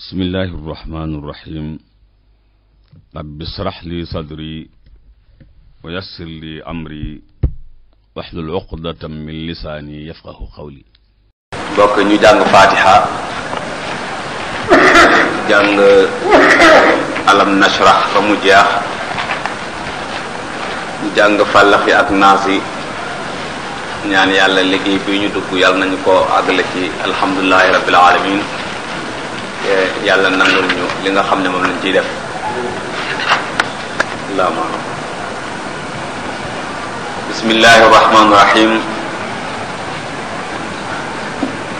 bismillaahi rahmaani rahiim li sadri wa li amri waxlul uqdatam min lisaani yafqahu qawli bokk ñu jàng faatiha jàng alam nashrah fa mu jeex ñu jàng fàllax yi ak naas yi ñaan yàlla liggéey ñu dugg nañu ko àggale ci alhamdulilahi alamin yàlla nangul ñu li nga xam ne moom lañ ciy def allahuma bismillahi rahmaani rahim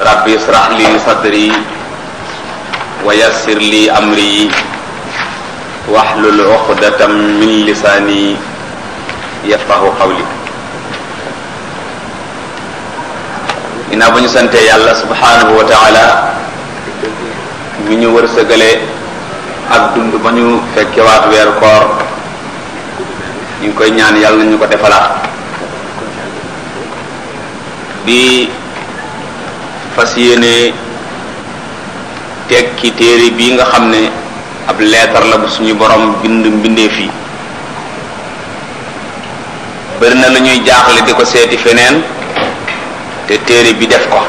rabbi israh li sadri wa yassir li amri wahlul uqdatam min lisaani yafqahu qawli ginnaaw ba ñu sante yàlla subhanahu wa taala mi ñu wërsëgalee ak dund ba ñu fekkewaat weeru koor ñu ngi koy ñaan yàlla nañu ko defalaat bi fas yéene tekki téere bi nga xam ne ab leetar la bu suñu borom bind mbindeef yi bari na lañuy ñuy jaaxle di ko seeti feneen te téere bi def ko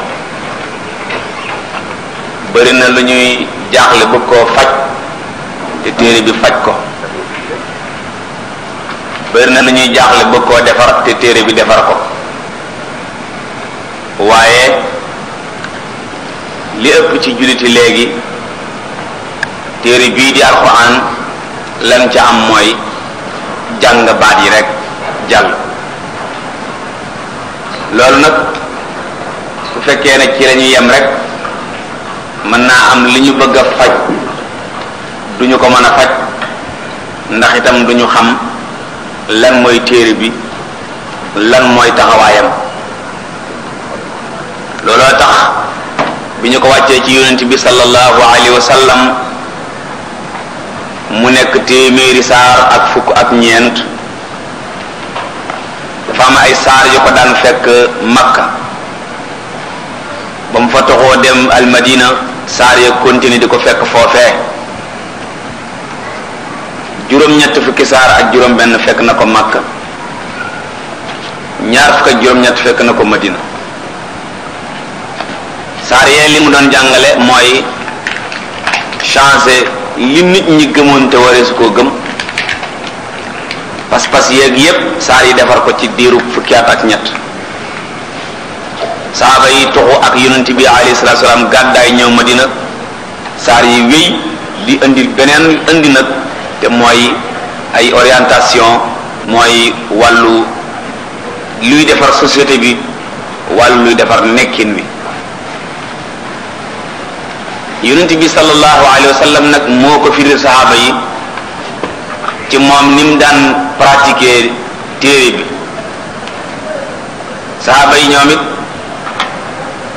bëri na lu ñuy jaaxle bëgg koo faj te téere bi faj ko bëri na lu ñuy jaaxle bëgg koo defar te téere bi defar ko waaye li ëpp ci julliti léegi téere bii di alxuraan lan ca am mooy jàng baat yi rekk jàll loolu nag su fekkee ne ci lañuy yem rek mën naa am li ñu bëgg a faj duñu ko mën a faj ndax itam duñu xam lan mooy téere bi lan mooy taxawaayam looloo tax bi ñu ko wàccee ci yonent bi sallallahu alayhi wa sallam mu nekk téeméeri saar ak fukk ak ñeent dafa am ay saar yu ko daan fekk Makka ba mu fa toxoo dem al saar ya continue di ko fekk foofee juróom-ñett fukki saar ak juróom-benn fekk na ko Makka ñaar fukk juróom-ñett fekk na ko Madina saar yee li mu doon jàngale mooy changé li nit ñi gëmoon te waree su koo gëm pas-pas yéeg yépp saar yi defar ko ci diiru fukki at ak ñett saaba yi toxu ak yonent bi alayhi salaatu salaam gàddaay ñëw madina saar yi wéy di indi beneen indi nag te mooy ay orientation mooy wàllu luy defar société bi wàllu luy defar nekkin wi yonent bi sallallahu alayhi wa sallam nag moo ko firil saxaaba yi ci moom ni mu daan pratiquer téere bi saxaaba yi ñoom it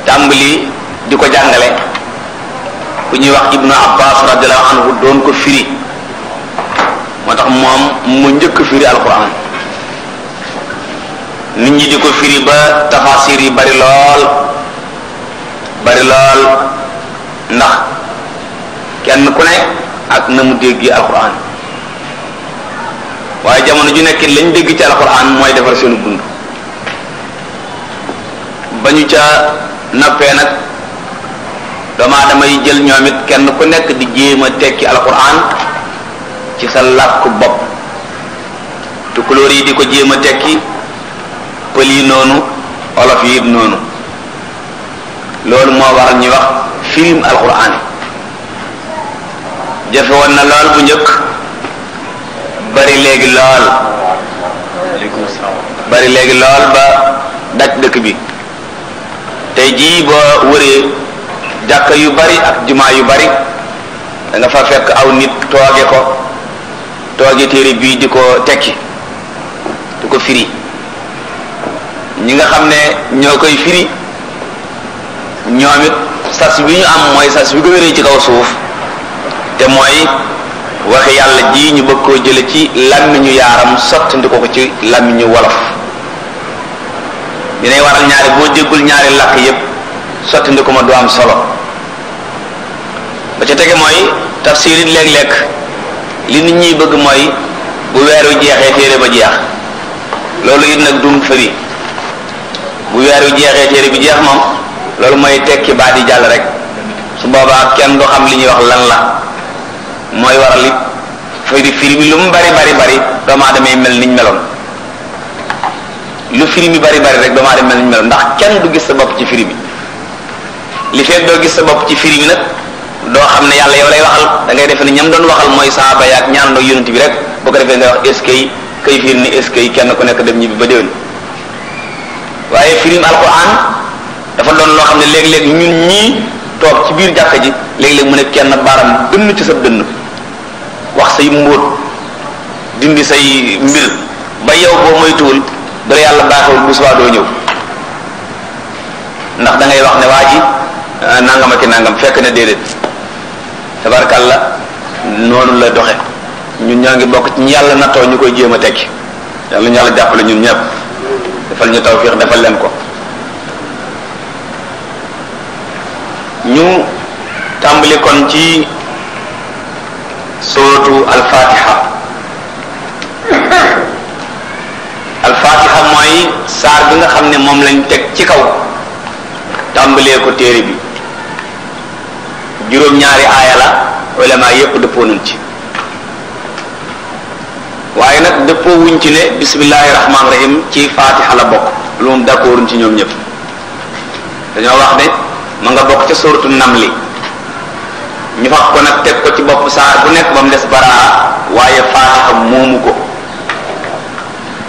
tàmbali di ko jàngale bu ñuy wax ibnu abbas radiyallahu anhu doon ko firi moo tax moom mu njëkk firi alquran nit ñi di ko firi ba tafasir yi bari lool bari lool ndax kenn ku ne ak na mu dégg alquran waaye jamono ju nekk lañ dégg ci alquran mooy defar seenu dund ba ñu ca noppee nag doomu aadama jël ñoom it kenn ku nekk di jéem a tekki alquran ci sa làkku bopp tukulóor yi di ko jéem a tekki pël yi noonu olof yi noonu loolu moo waral ñuy wax film alquran jafe woon na lool bu njëkk bari léegi lool bari léegi lool ba daj dëkk bi tey jii boo wëree jàkka yu bari ak jumaa yu bari da nga fa fekk aw nit tooge ko tooge téere bii di ko tekki di ko firi ñi nga xam ne ñoo koy firi ñoom it sas bi ñu am mooy sas bi ko wéree ci kaw suuf te mooy waxe yàlla ji ñu bëgg koo jële ci làmmiñu yaaram sottandi ko ko ci làmmiñu wolof dinay waral ñaari boo jéggul ñaari làkk yépp sotti ndi ko ma du am solo ba ca tege mooy tafsir sii léeg lekk li nit ñiy bëgg mooy bu weeru jeexee téere ba jeex loolu it nag dum fëri bu weeru jeexee téere bi jeex moom loolu mooy tekki baa di jàll rek su boobaa kenn du xam li ñuy wax lan la mooy waral it fëri firi bi lu mu bari bari bari doomu aadama yi mel niñ meloon lu firim yi bari bari rek damaa dem mel ni mel ndax kenn du gis sa bopp ci firim yi li fekk doo gis sa bopp ci firim yi nag doo xam ne yàlla yow lay waxal da ngay defe ne ñam doon waxal mooy saaba yaak ñaan doog yonent bi rek boo ko defee ngay wax est-ce que yi kay firim ni est-ce que yi kenn ku nekk dem ñibbi ba déwén waaye firim alquran dafa doon loo xam ne léeg-léeg ñun ñii toog ci biir jàkka ji léeg-léeg mu ne kenn baaram dënn ci sa dënn wax say mbóot dindi say mbir ba yow boo moytuwul bu la yàlla baaxewul bu subaa doo ñëw ndax da wax ne waa ji ah, nangam ak nangam fekk na déedéet tabarkalla noonu la doxe ñun ñoo ngi bokk ci yàlla nattoo ñu koy jéem a tekki yàlla ñu yàlla jàppale ñun ñëpp defal ñu tawfiq defal leen ko ñu tàmbali kon ci suratu al fatiha mooy saar bi nga xam ne moom lañu teg ci kaw tàmbalee ko téere bi juróom-ñaari aaya la ulama yépp dëppoo nañ ci waaye nag dëppoo wuñ ci ne bismillahi rahmaani rahim ci fatiha la bokk lu moom d'accorduñ ci ñoom ñëpp dañoo wax ne ma nga bokk ca suratul namli ñu fab ko nag teg ko ci bopp saar bu nekk ba mu des baraa waaye fatiha moomu ko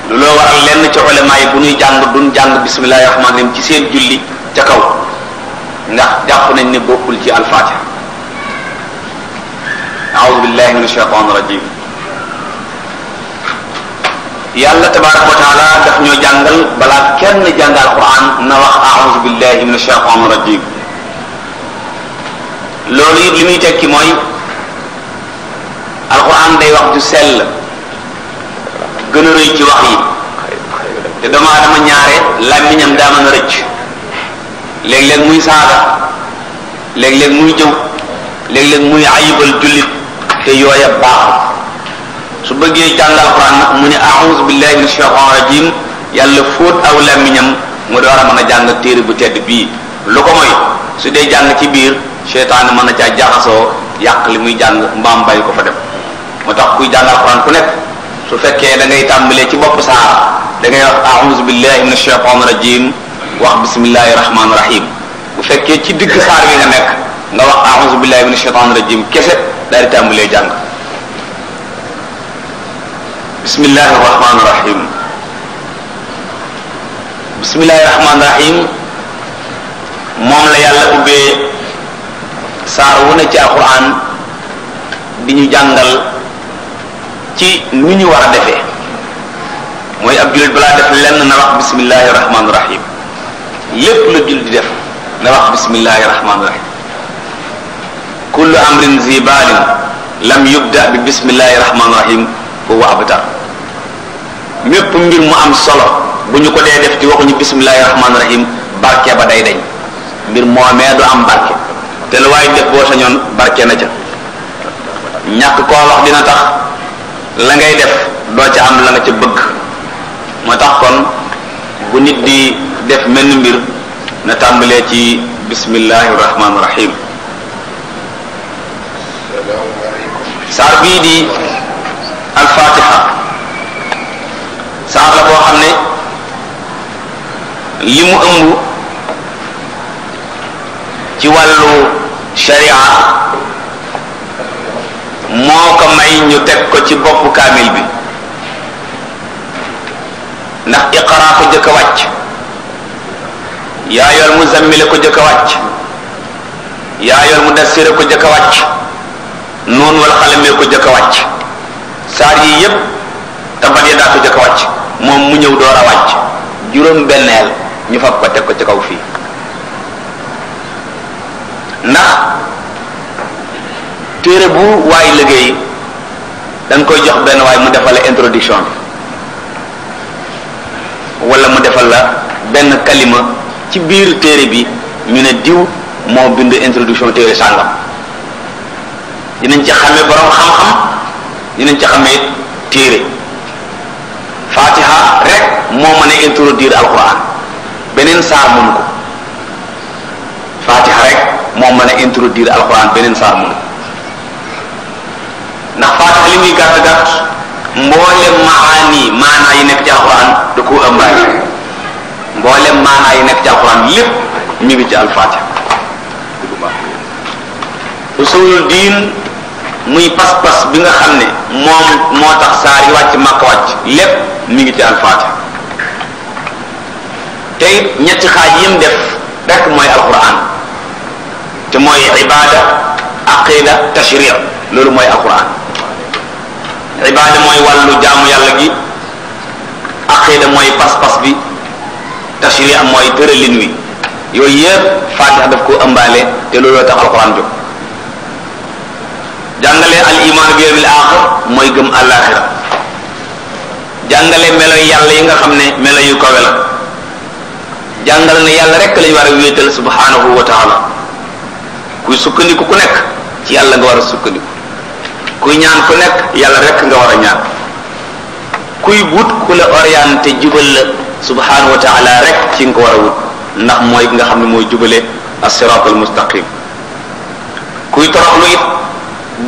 looloo waral lenn ci ulama bu ñuy jàng duñ jàng bismillahi rahmaan rahim ci seen julli ca kaw ndax jàpp nañ ne bokkul ci alfaatiha a'udhu billahi minash shaitanir rajim yàlla tabaraka wa taala daf ñoo jàngal balaa kenn jàng alquran na wax a'udhu billahi minash shaitanir rajim loolu it li muy tekki mooy alquran day wax ju sell gën a rëy ci wax yi te doomu aadama ñaare làmmiñam daa mën a rëcc léeg-léeg muy saaga léeg-léeg muy jëw léeg-léeg muy ayibal jullit te yooya baaxul su bëggee jàng alxuraan nag mu ne a'uuzu billahi min shaytaan rajim yàlla fóot aw làmmiñam mu door a mën a jàng téere bu tedd bii lu ko mooy su dee jàng ci biir seytaane mën na caa jaxasoo yàq li muy jàng mbaam bàyyi ko fa dem moo tax kuy jàng alxuraan ku nekk su fekkee da ngay tàmbalee ci bopp saar da ngay wax a'udhu billahi minash shaitanir rajim wax bismillahir rahmanir rahim bu fekkee ci digg saar bi nga nekk nga wax a'udhu billahi minash shaitanir rajim kese daal di tàmbalee jàng bismillahir rahmanir rahim moom la yàlla ubbee saar wu ne ci alquran di ñu jàngal ci nu ñu war a defee mooy ab jullit balaa def lenn na wax bismillahi rahmaani rahim lépp la jullit di def na wax bismillahi rahmaani rahim kullu amrin zibalin lam yubda bi bismillahi rahmaani rahim huwa abtar mépp mbir mu am solo bu ñu ko dee def ci waxuñu bismillahi rahmaani rahim barke ba day dañ mbir moomee du am barke te lu waaye def boo sañoon barke na ca ñàkk koo wax dina tax la ngay def doo ca am la ca bëgg moo tax kon bu nit di def menn mbir na tàmbalee ci bismillahi rahmaani rahim saar bii di alfatiha saar la boo xam ne li mu ëmb ci wàllu sharia moo ko may ñu teg ko ci bopp kaamil bi ndax iqara ko jëkk wàcc yaa mu zammile ko jëkk a wàcc yaa yool mu dassire ko jëkk a wàcc nuun wal xalamee ko jëkk wàcc saar yi yépp tabat ya daa ko jëkk wàcc moom mu ñëw door a wàcc juróom benneel ñu fab ko teg ko ci kaw fii ndax téere bu waay liggéey dañ koy jox benn waay mu defal la introduction bi wala mu defal la benn kalima ci biir téere bi ñu ne diw moo bind introduction téere sàngam dinañ ci xamee borom xam-xam dinañ ci xamee téere fatiha rek moo mën a introduire alquran beneen saar mënu ko fatiha rek moo mën a introduire alquran beneen saar mënu ko ndax faatiha li muy gàtt gàtt mboolem maani maanaa yi nekk ci alxuraan da koo ëmbaale mboolem maanaa yi nekk ci alxuraan lépp mi ngi ci alfaatiha usulul diin muy pas-pas bi nga xam ne moom moo tax saar yi wàcc màkk wàcc lépp mi ngi ci alfaatiha te it ñetti xaaj yim def rekk mooy alxuraan te mooy ibaada aqida tashri' loolu mooy alxuraan ibaada mooy wàllu jaamu yàlla gi aqida mooy pas-pas bi tashri am mooy tëralin wi yooyu yëpp faatiha daf ko ëmbaale te looloo tax alquran jóg jàngale al iman bi yawmil mooy gëm àllaaxira jàngale melo yàlla yi nga xam ne melo yu kawe la jàngal na yàlla rek lañu war a wéetal subhanahu wa taala kuy sukkandiku ku nekk ci yàlla nga war a sukkandiku kuy ñaan ku nekk yàlla rekk nga war a ñaan kuy wut ku la orienté jubal la subhanahu wa taala rek ci nga ko war a wut ndax mooy nga xam ne mooy jubale as-siraatal mustaqim kuy toroxlu it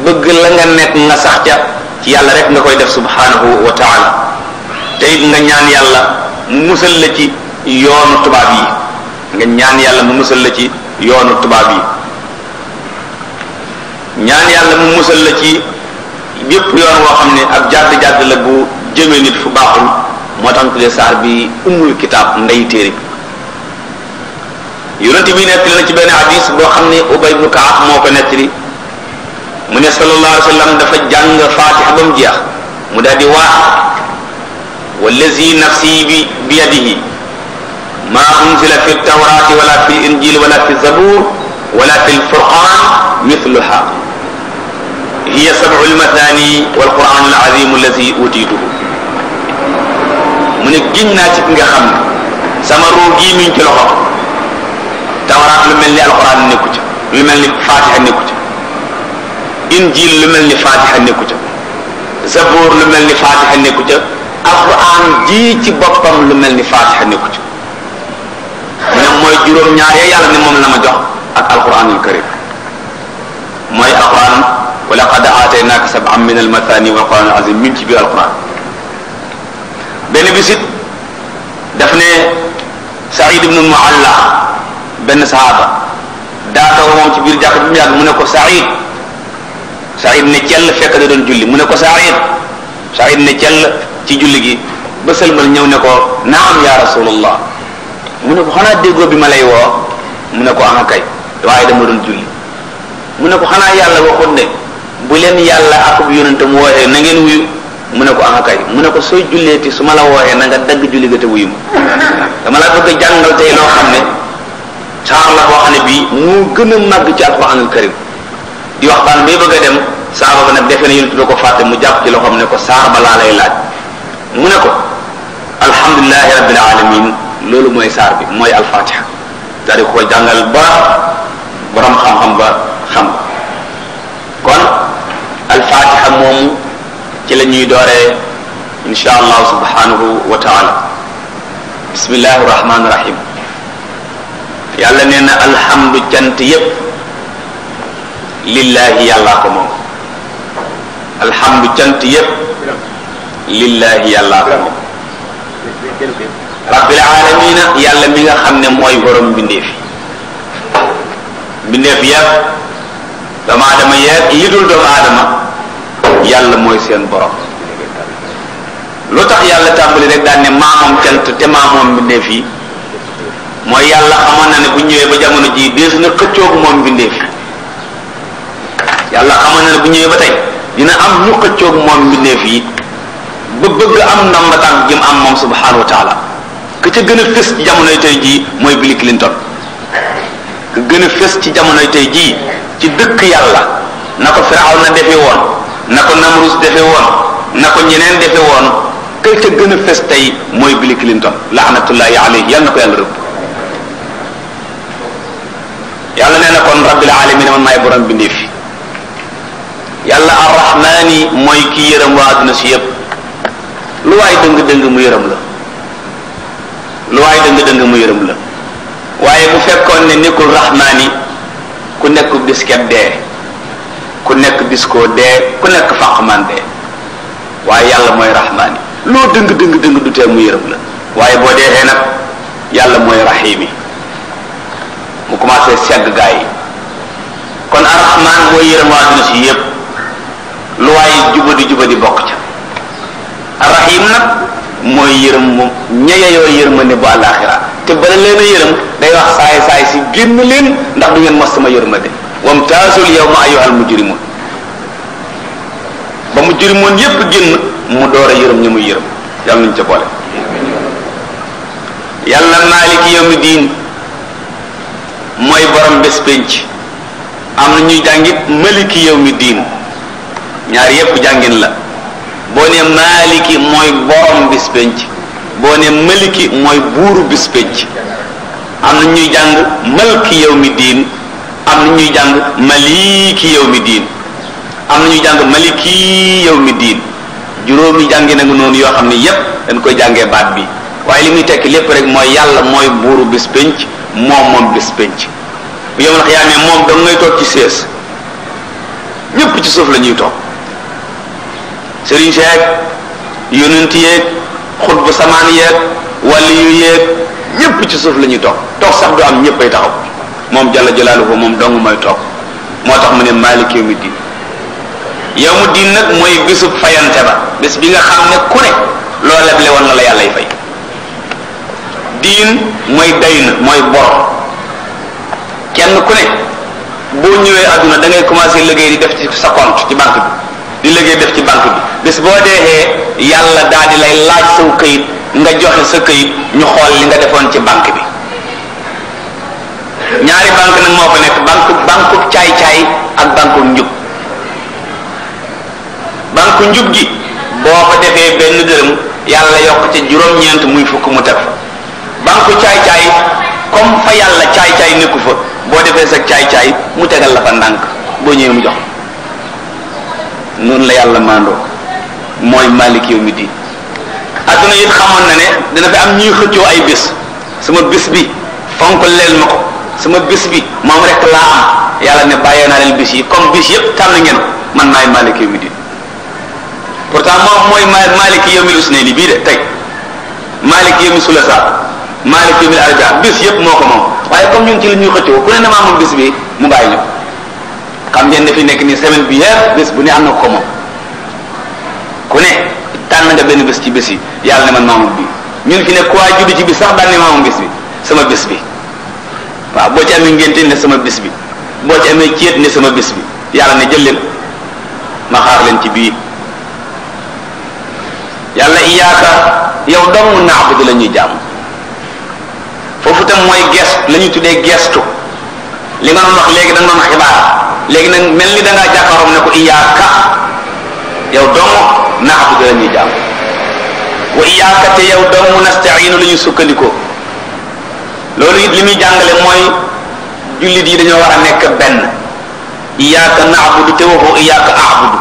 bëgg la nga nekk nga sax ca ci yàlla rek nga koy def subhanahu wa taala te it nga ñaan mu musal la ci yoonu tubaab yi nga ñaan yàlla mu musal la ci yoonu tubaab yi ñaan yàlla mu musal la ci yépp yoon woo xam ne ab jàdd jàdd la bu nit fu baaxul moo tax ñu saar bi ummul kitaab ndey téere bi yonent bi nekk na ci benn hadis boo xam ne ubay ibnu kaab moo ko nekk li mu ne sallallahu alayhi dafa jàng faatiha ba mu jeex mu daal di waax wallazi nafsi bi bi ma unzila fi tawraati wala fi injil wala fi zabur wala fi lfurqan mithluha hiya sab'ul mathani wal qur'anul azim allazi utiituhu mu ne giñ naa ci ki nga xam ne sama roo gii miñ ci loxo tawraat lu mel ni alquran nekku ca lu mel ni fatiha nekku ca injil lu mel ni fatiha nekku ca zabur lu mel ni fatiha nekku ca alquran ji ci boppam lu mel ni fatiha nekku ca mu ne mooy juróom-ñaar ya yàlla ne moom la ma jox ak alquranul karim mooy alquran wa laqad aataynaaka sab'an min al-mathaani wal qur'aan al-aziim min ci biir alquran benn bisit daf benn sahaaba daa taw ci biir jàkk bi mu yàgg mu ne ko Saïd Saïd ne cell fekk da doon julli mu ne ko Saïd Saïd ne cell ci julli gi ba sëlmal ñëw ne ko naam yaa rasulallah mu ne ko xanaa déggoo bi ma lay woo mu ne ko ama kay waaye dama doon julli mu ne ko xanaa yàlla waxoon ne bu leen yàlla akub yonentam wooyee na ngeen wuyu mu ne ko am ah kay mu ne ko sooy julleeti su ma la wooyee na nga dagg julli ga te wuyu ma dama la bëgg a jàngal tey loo xam ne saar la boo gën a màgg ci alquranul karim di waxtaan bay bëgg dem saaba ba nag defe na yonent ko fàtte mu jàpp ci loo ne ko saar ba laa lay laaj mu ne ko alhamdulilahi rabbil alamin loolu mooy saar bi mooy alfatiha daal di ko jàngal ba borom xam-xam ba xam kon alfaatiha moomu ci la ñuy dooree insha allah subhanahu wa taala bismillahi rahmaani rahim yàlla nee na alhamdu cant yépp alhamdu cant yépp lillaahi yàllaa ko moom rabbil alamina yàlla mi nga xam ne mooy borom mbindeef yi mbindeef yépp doomu aadama yépp li dul doomu aadama yàlla mooy seen borom lu tax yàlla tàmbali rek daan ne maamoom cant te maamoom mbindeef yi mooy yàlla xamoon na ne bu ñëwee ba jamono jii dees na xëccoog moom mbindeef yi na ne bu ñëwee dina am ñu xëccoog moom mbindeef yi ba bëgg am ndam ba tànk jëm am moom subhanahu wa taala ka ca gën a fës ci jamonoy tey jii mooy Bill Clinton ka gën a ci jamonoy tey jii ci dëkk yàlla na ko Firawna defee woon na ko Namrus defe woon na ko ñeneen defe woon kël ca gën a fes tey mooy Bill Clinton laanatullahi alayhi yal na ko yàlla rëbb yàlla nee na kon rabbil alamin man maay borom bindee fi yàlla arrahmaani mooy kii yërëm waa àdduna si yëpp lu waay dëng-dëng mu yërëm la lu waay dëng-dëng mu yërëm la waaye bu fekkoon ne nekkul rahmaani ku nekkul bisket dee ku nekk bis koo dee ku nekk fàq man dee waaye yàlla mooy rahmaani loo dëng dëng dëng du tee mu yërëm la waaye boo deexee nag yàlla mooy rahimi mu commencé segg gaa yi kon arrahman mooy yërëm waa dina si yépp lu waaye jubadi jubadi bokk ca arrahim nag mooy yërëm moom ñeyeyoo yërmande bu àllaaxira te bala leen a yërëm day wax saay saay si génn leen ndax du ngeen mos sama yërmande wamtaazul yawma ayyuhal mujrimun ba mujrimoon yépp génn mu door a yërëm ñi muy yërëm yàlla nañ ca boole yàlla maaliki yawmi diin mooy borom bés am na ñuy jàngit maliki mi diin ñaar yépp jàngin la boo ne maaliki mooy borom bés boo ne maliki mooy buuru bés am na ñuy jàng malki mi diin am na ñuy jàng maliki yawmi diin am na ñuy jàng maliki yawmi diin juróomi jàngi na nga noonu yoo xam ne yépp dañ koy jàngee baat bi waaye li muy tekki lépp rek mooy yàlla mooy buuru bis pénc moom moom bis pénc bu yomal xiyaamee moom da ngay toog ci sées ñépp ci suuf la ñuy toog sëriñ seeg yonent yeeg xut bu samaan yeeg wàlli yu yeeg ñépp ci suuf la ñuy toog toog sax du am ñépp ay taxaw moom jalla jalaaluhu moom dong mooy toog moo tax mu ne maalik yawmi diin mu diin nag mooy bisub fayante ba bis bi nga xam ne ku ne loo leble woon na la yàlla y fay diin mooy dayn mooy bor kenn ku ne boo ñëwee àdduna da ngay commencer liggéey di def ci sa compte ci banque bi di liggéey def ci banque bi bis boo deexee yàlla daal di lay laaj saw këyit nga joxe sa këyit ñu xool li nga defoon ci banque bi ñaari bànk na moo fa nekk banque banque caay-caay ak bànku njub banque njub gi boo fa defee benn dërëm yàlla yokk ca juróom-ñeent muy fukk mu teg fa banque caay-caay comme fa yàlla caay-caay nekku fa boo defee sa caay-caay mu tegal la fa ndànk boo ñëwee mu jox noonu la yàlla maandoo mooy malik yow mi di adduna it xamoon na ne dina fi am ñuy xëccoo ay bés sama bés bi fonk leel ma ko sama bis bi moom rek laa am yàlla ne bàyyee naa leen bis yi comme bis yëpp tànn ngeen man maay maaliki yawmi diin pourtant moom mooy ma maaliki yawmil usnayni bii de tey maaliki yawmi sulasa maaliki yawmil arja bis yëpp moo ko moom waaye comme ñun ci la ñuy xëccoo ku ne damaa moom bis bi mu bàyyi ñu xam ngeen ne fi nekk nii semaine bi yëpp bis bu ne am na ko moom ku ne tànn nga benn bés ci bés yi yàlla ne man maamu bi ñun fi ne ku ci bis sax daan ne sama bés bi. waaw boo ci amee ngénte ne sama bis bi boo ci amee céet ne sama bis bi yàlla ne jël leen ma xaar leen ci bii yàlla iyaaka yow dong naabudu la ñuy jàmm foofu tam mooy gestu lañuy ñuy tuddee gestu li nga doon wax léegi da nga xibaar léegi nag mel ni da ngaa jàkkaaroom ne ko iyaaka yow dong naabudu la ñuy jàmm wa iyaaka te yow dong nasta'iinu la ñuy sukkandikoo loolu it li muy jàngale mooy jullit yi dañoo war a nekk benn iyyaka na'budu te waxoo iyyaka a'budu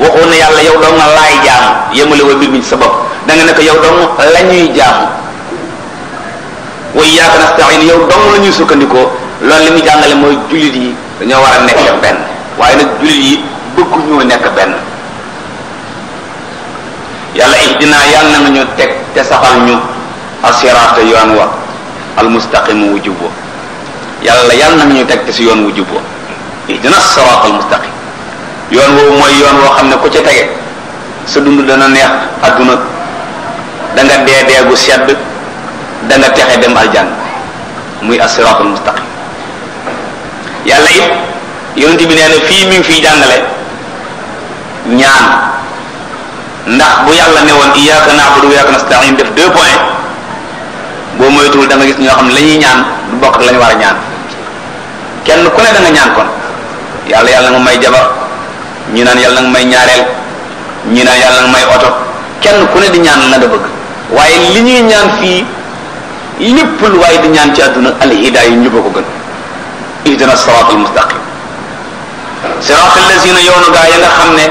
waxoo ne yàlla yow dong laay jaamu yemale wa sa bopp da nga yow dong la ñuy jaamu wa iyyaka nasta'in yow dong la muy jàngale mooy jullit yi dañoo war a waaye nag jullit yi bëgguñoo nekk benn yàlla ihdina yàlla na nga ñu teg te saxal ñu asiraata yoon wa almustaqim wu jub yàlla yàlla na ñu teg ci yoon wu jub wa ihdina sirat almustaqim yoon woowu mooy yoon woo xam ne ku ci tege sa dund dana neex àdduna da nga dee dee gu sedd da texe dem aljanna muy as-siratul mustaqim yàlla it yonent bi nee na fii mi ngi fiy jàngale ñaan ndax bu yàlla ne woon iyyaka na'budu wa iyyaka nasta'in def deux points boo moytuwul da gis ñoo xam ne lañuy ñaan du bokk ak la ñu war a ñaan kenn ku ne da nga ñaan kon yàlla yàlla nga may jabar ñi naan yàlla nga may ñi naan oto kenn ku ne di ñaan la nga bëgg waaye li ñuy ñaan fii lépp lu waaye di ñaan ci àdduna al hidaaya ñu ba ko gën ihdina siraat al mustaqim siraat allazina yoonu gaa ya nga xam ne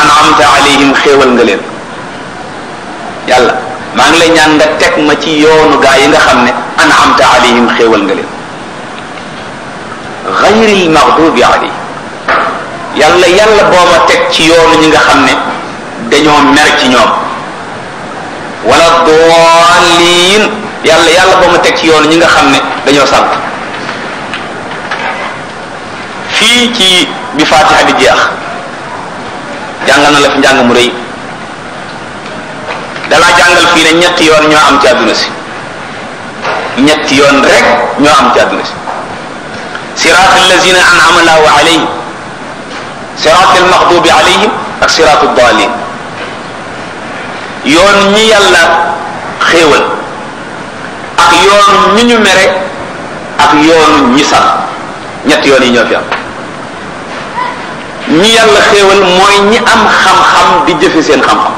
an'amta alayhim xéewal nga leen maa ngi lay ñaan nga teg ma ci yoonu gaa yi nga xam ne an'amta alayhim xéewal nga leen xayril maxdubi yàlla yàlla boo ma teg ci yoonu ñi nga xam ne dañoo mer ci ñoom wala daalliin yàlla yàlla ma teg ci yoonu ñi nga xam ne dañoo sant fii ci bi faatiha bi jeex jàng na la fi njàng mu rëy dalaa jàngal fii ne ñetti yoon ñoo am ci àdduna si ñetti yoon rek ñoo am ci àdduna si siraat allazina an'ama allahu alayhim siraat almaxdubi alayhim ak siraat addalin yoon ñi yàlla xéewal ak yoon ñi ñu ak yoon ñi sax ñetti yoon yi ñoo fi am ñi yàlla xéewal mooy ñi am xam-xam di jëfe seen xam-xam